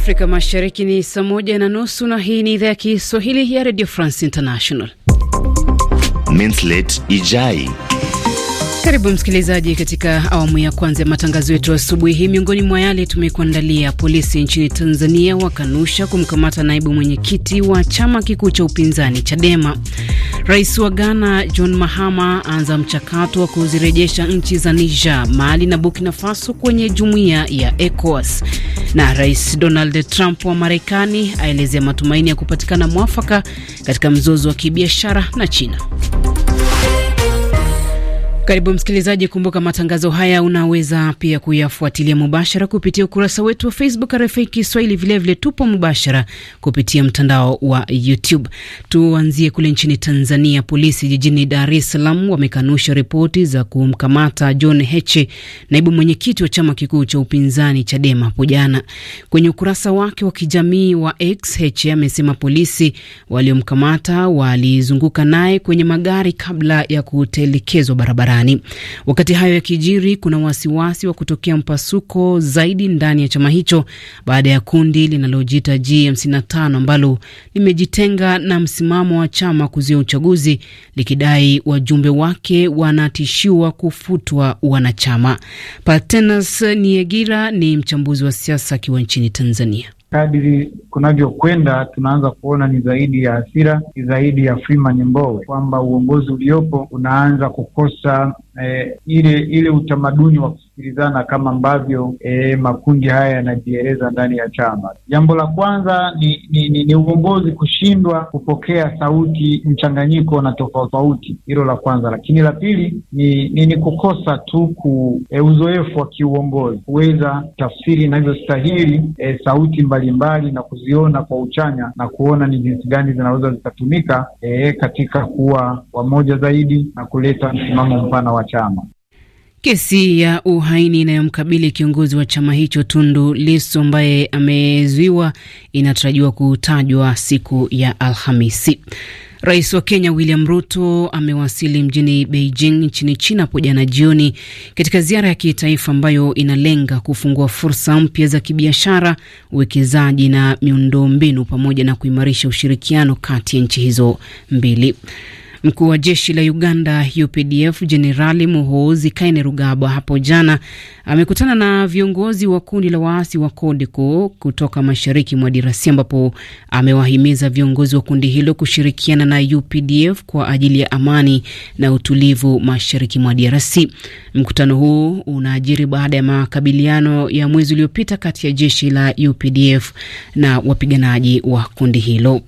Afrika Mashariki ni saa moja na nusu na hii ni idhaa ya Kiswahili ya Radio France International. Ijai. Karibu msikilizaji, katika awamu ya kwanza ya matangazo yetu asubuhi hii. Miongoni mwa yale tumekuandalia: polisi nchini Tanzania wakanusha kumkamata naibu mwenyekiti wa chama kikuu cha upinzani Chadema. Rais wa Ghana John Mahama aanza mchakato wa kuzirejesha nchi za Niger, Mali na Burkina Faso kwenye jumuiya ya ecoas na Rais Donald Trump wa Marekani aelezea matumaini ya kupatikana mwafaka katika mzozo wa kibiashara na China. Karibu msikilizaji, kumbuka matangazo haya unaweza pia kuyafuatilia mubashara kupitia ukurasa wetu wa Facebook RFI Kiswahili. Vilevile tupo mubashara kupitia mtandao wa YouTube. Tuanzie kule nchini Tanzania. Polisi jijini Dar es Salaam wamekanusha ripoti za kumkamata John Heche, naibu mwenyekiti wa chama kikuu cha upinzani Chadema, hapo jana. Kwenye ukurasa wake wa kijamii wa X, Heche amesema polisi waliomkamata walizunguka naye kwenye magari kabla ya kutelekezwa barabara barabarani. Wakati hayo yakijiri, kuna wasiwasi wa kutokea mpasuko zaidi ndani ya chama hicho baada ya kundi linalojiita G55 ambalo limejitenga na msimamo wa chama kuzuia uchaguzi likidai wajumbe wake wanatishiwa kufutwa wanachama. Partenas Niegira ni mchambuzi wa siasa akiwa nchini Tanzania kadiri kunavyokwenda tunaanza kuona ni zaidi ya hasira, ni zaidi ya Freeman Mbowe, kwamba uongozi uliopo unaanza kukosa eh, ile ile utamaduni wa kusikilizana kama ambavyo eh, makundi haya yanajieleza ndani ya chama. Jambo la kwanza ni, ni, ni, ni uongozi kushindwa kupokea sauti mchanganyiko na tofauti, hilo la kwanza. Lakini la pili ni, ni, ni kukosa tu ku eh, uzoefu wa kiuongozi kuweza tafsiri inavyostahili eh, sauti mbalimbali na kuziona kwa uchanya na kuona ni jinsi gani zinaweza zikatumika eh, katika kuwa wamoja zaidi na kuleta msimamo mpana wa wa chama. Kesi ya uhaini inayomkabili kiongozi wa chama hicho Tundu Lissu ambaye amezuiwa inatarajiwa kutajwa siku ya Alhamisi. Rais wa Kenya William Ruto amewasili mjini Beijing nchini China hapo jana jioni, katika ziara ya kitaifa ambayo inalenga kufungua fursa mpya za kibiashara, uwekezaji na miundombinu, pamoja na kuimarisha ushirikiano kati ya nchi hizo mbili. Mkuu wa jeshi la Uganda UPDF Jenerali Muhoozi Kainerugaba hapo jana amekutana na viongozi wa kundi la waasi wa codeco kutoka mashariki mwa DRC ambapo amewahimiza viongozi wa kundi hilo kushirikiana na UPDF kwa ajili ya amani na utulivu mashariki mwa DRC. Mkutano huu unaajiri baada ya makabiliano ya mwezi uliopita kati ya jeshi la UPDF na wapiganaji wa kundi hilo.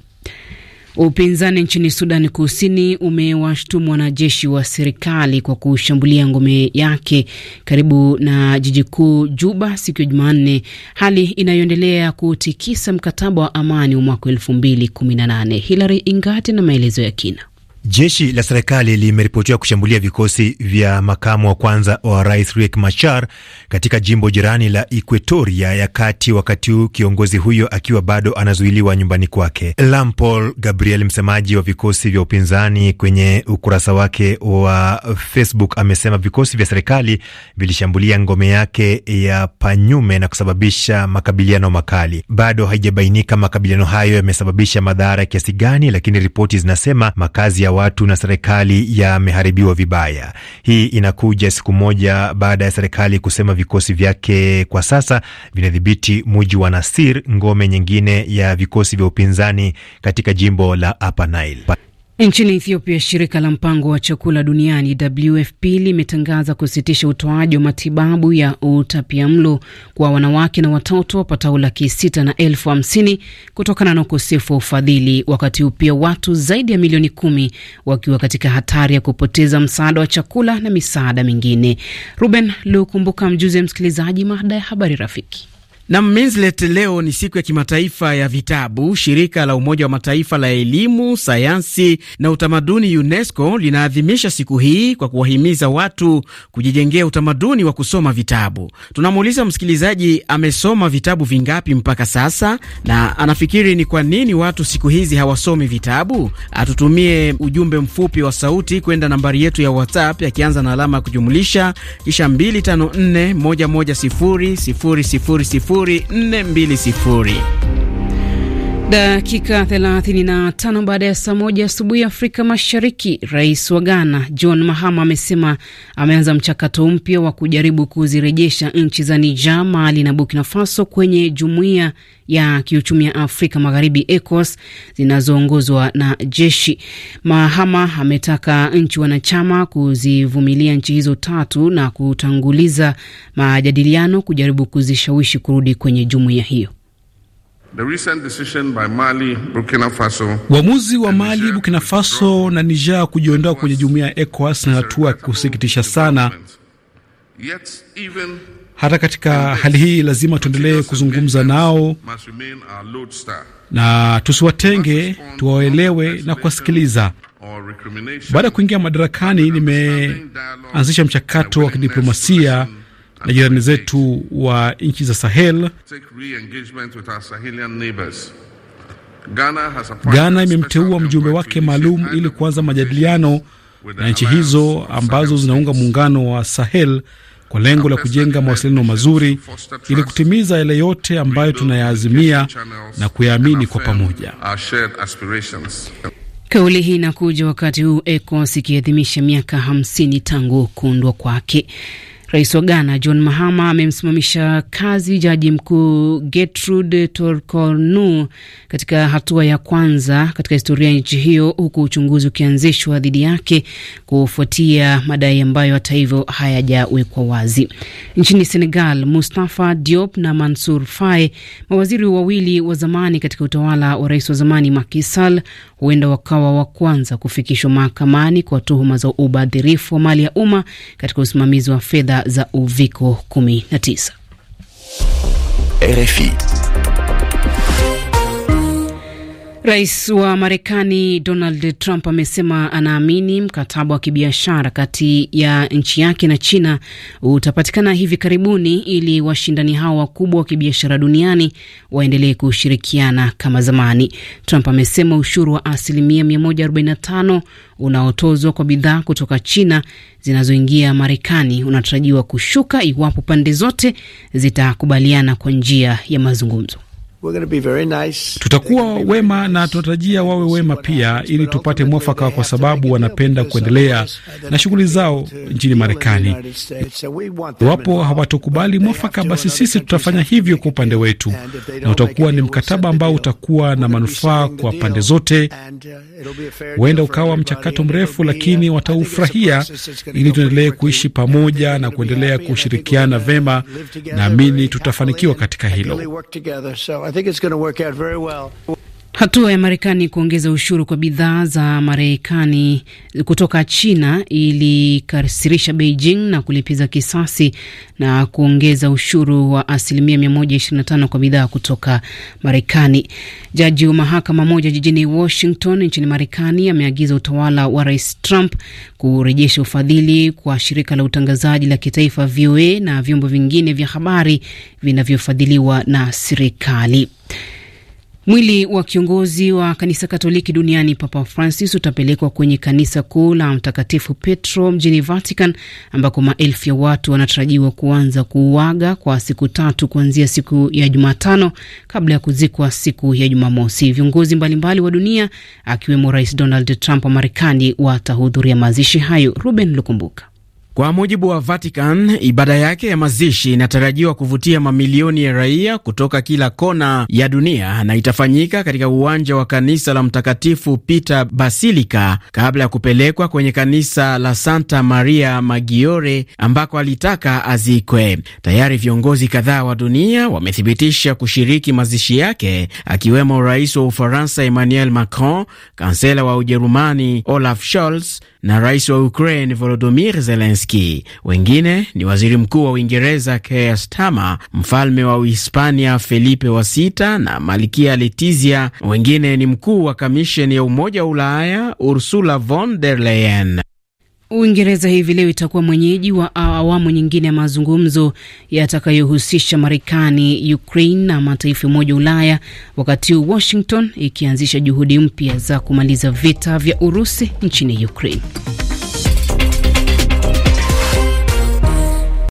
Upinzani nchini Sudani Kusini umewashtumu wanajeshi wa serikali kwa kushambulia ngome yake karibu na jiji kuu Juba siku ya Jumanne, hali inayoendelea kutikisa mkataba wa amani wa mwaka elfu mbili kumi na nane. Hilary Ingati na maelezo ya kina. Jeshi la serikali limeripotiwa kushambulia vikosi vya makamu wa kwanza wa rais Riek Machar katika jimbo jirani la Equatoria ya Kati, wakati huu kiongozi huyo akiwa bado anazuiliwa nyumbani kwake. Lampol Gabriel, msemaji wa vikosi vya upinzani, kwenye ukurasa wake wa Facebook amesema vikosi vya serikali vilishambulia ngome yake ya Panyume na kusababisha makabiliano makali. Bado haijabainika makabiliano hayo yamesababisha madhara ya kiasi gani, lakini ripoti zinasema makazi ya watu na serikali yameharibiwa vibaya. Hii inakuja siku moja baada ya serikali kusema vikosi vyake kwa sasa vinadhibiti muji wa Nasir, ngome nyingine ya vikosi vya upinzani katika jimbo la Upper Nile. Nchini Ethiopia, shirika la mpango wa chakula duniani WFP limetangaza kusitisha utoaji wa matibabu ya utapiamlo kwa wanawake na watoto wapatao laki sita na elfu hamsini kutokana na ukosefu wa ufadhili, wakati upia watu zaidi ya milioni kumi wakiwa katika hatari ya kupoteza msaada wa chakula na misaada mingine. Ruben Lukumbuka, mjuzi ya msikilizaji, mada ya habari rafiki. Na Minslet, leo ni siku ya kimataifa ya vitabu. Shirika la Umoja wa Mataifa la elimu, sayansi na utamaduni UNESCO linaadhimisha siku hii kwa kuwahimiza watu kujijengea utamaduni wa kusoma vitabu. Tunamuuliza msikilizaji amesoma vitabu vingapi mpaka sasa na anafikiri ni kwa nini watu siku hizi hawasomi vitabu. Atutumie ujumbe mfupi wa sauti kwenda nambari yetu ya WhatsApp yakianza na alama ya kujumulisha kisha 254110000 04220. Dakika 35 baada ya saa moja asubuhi Afrika Mashariki, rais wa Ghana John Mahama amesema ameanza mchakato mpya wa kujaribu kuzirejesha nchi za Niger, Mali na Burkina Faso kwenye jumuiya ya kiuchumi ya Afrika Magharibi, ECOWAS, zinazoongozwa na jeshi. Mahama ametaka nchi wanachama kuzivumilia nchi hizo tatu na kutanguliza majadiliano kujaribu kuzishawishi kurudi kwenye jumuiya hiyo. Uamuzi wa Mali, Burkina Faso na Niger kujiondoa kwenye jumuiya ya ECOWAS ni hatua ya kusikitisha sana. Hata katika hali hii lazima tuendelee kuzungumza nao na tusiwatenge, tuwaelewe na kuwasikiliza. Baada ya kuingia madarakani, nimeanzisha mchakato wa kidiplomasia na jirani zetu wa nchi za Sahel. Ghana imemteua mjumbe wake maalum ili kuanza majadiliano na nchi hizo ambazo zinaunga muungano wa Sahel kwa lengo la kujenga mawasiliano mazuri ili kutimiza yale yote ambayo tunayaazimia na kuyaamini kwa pamoja. Kauli hii inakuja wakati huu ECOWAS ikiadhimisha miaka 50 tangu kuundwa kwake. Rais wa Ghana John Mahama amemsimamisha kazi jaji mkuu Gertrude torkornu katika hatua ya kwanza katika historia ya nchi hiyo, huku uchunguzi ukianzishwa dhidi yake kufuatia madai ambayo hata hivyo hayajawekwa wazi. Nchini Senegal, Mustafa Diop na Mansur Faye, mawaziri wawili wa zamani katika utawala wa rais wa zamani Macky Sall, huenda wakawa wa kwanza kufikishwa mahakamani kwa tuhuma za ubadhirifu wa mali ya umma katika usimamizi wa fedha za uviko 19. RFI Rais wa Marekani Donald Trump amesema anaamini mkataba wa kibiashara kati ya nchi yake na China utapatikana hivi karibuni ili washindani hao wakubwa wa kibiashara duniani waendelee kushirikiana kama zamani. Trump amesema ushuru wa asilimia 145 unaotozwa kwa bidhaa kutoka China zinazoingia Marekani unatarajiwa kushuka iwapo pande zote zitakubaliana kwa njia ya mazungumzo. Tutakuwa wema na tunatarajia wawe wema pia, ili tupate mwafaka, kwa sababu wanapenda kuendelea na shughuli zao nchini Marekani. Iwapo hawatokubali mwafaka, basi sisi tutafanya hivyo kwa upande wetu, na utakuwa ni mkataba ambao utakuwa na manufaa kwa pande zote. Uh, Huenda ukawa mchakato mrefu, uh, lakini wataufurahia, ili tuendelee kuishi pamoja na kuendelea kushirikiana vema. Naamini tutafanikiwa katika hilo. I think it's going to work out very well. Hatua ya Marekani kuongeza ushuru kwa bidhaa za Marekani kutoka China ilikasirisha Beijing na kulipiza kisasi na kuongeza ushuru wa asilimia 125 kwa bidhaa kutoka Marekani. Jaji wa mahakama moja jijini Washington nchini Marekani ameagiza utawala wa Rais Trump kurejesha ufadhili kwa shirika la utangazaji la kitaifa VOA na vyombo vingine vya habari vinavyofadhiliwa na serikali. Mwili wa kiongozi wa kanisa Katoliki duniani Papa Francis utapelekwa kwenye kanisa kuu la Mtakatifu Petro mjini Vatican, ambako maelfu ya watu wanatarajiwa kuanza kuuaga kwa siku tatu kuanzia siku ya Jumatano kabla ya kuzikwa siku ya Jumamosi. Viongozi mbalimbali wa dunia akiwemo Rais Donald Trump wa Marekani watahudhuria mazishi hayo. Ruben Lukumbuka. Kwa mujibu wa Vatican, ibada yake ya mazishi inatarajiwa kuvutia mamilioni ya raia kutoka kila kona ya dunia na itafanyika katika uwanja wa kanisa la Mtakatifu Peter Basilica kabla ya kupelekwa kwenye kanisa la Santa Maria Maggiore ambako alitaka azikwe. Tayari viongozi kadhaa wa dunia wamethibitisha kushiriki mazishi yake akiwemo rais wa Ufaransa Emmanuel Macron, kansela wa Ujerumani Olaf Scholz na rais wa Ukraine Volodymyr Zelensky. Wengine ni waziri mkuu wa Uingereza Keir Starmer, mfalme wa Uhispania Felipe wa sita na malkia Letizia. Wengine ni mkuu wa kamisheni ya Umoja wa Ulaya Ursula von der Leyen. Uingereza hivi leo itakuwa mwenyeji wa awamu nyingine ya mazungumzo yatakayohusisha Marekani, Ukraine na mataifa Umoja Ulaya, wakati huu Washington ikianzisha juhudi mpya za kumaliza vita vya Urusi nchini Ukraine.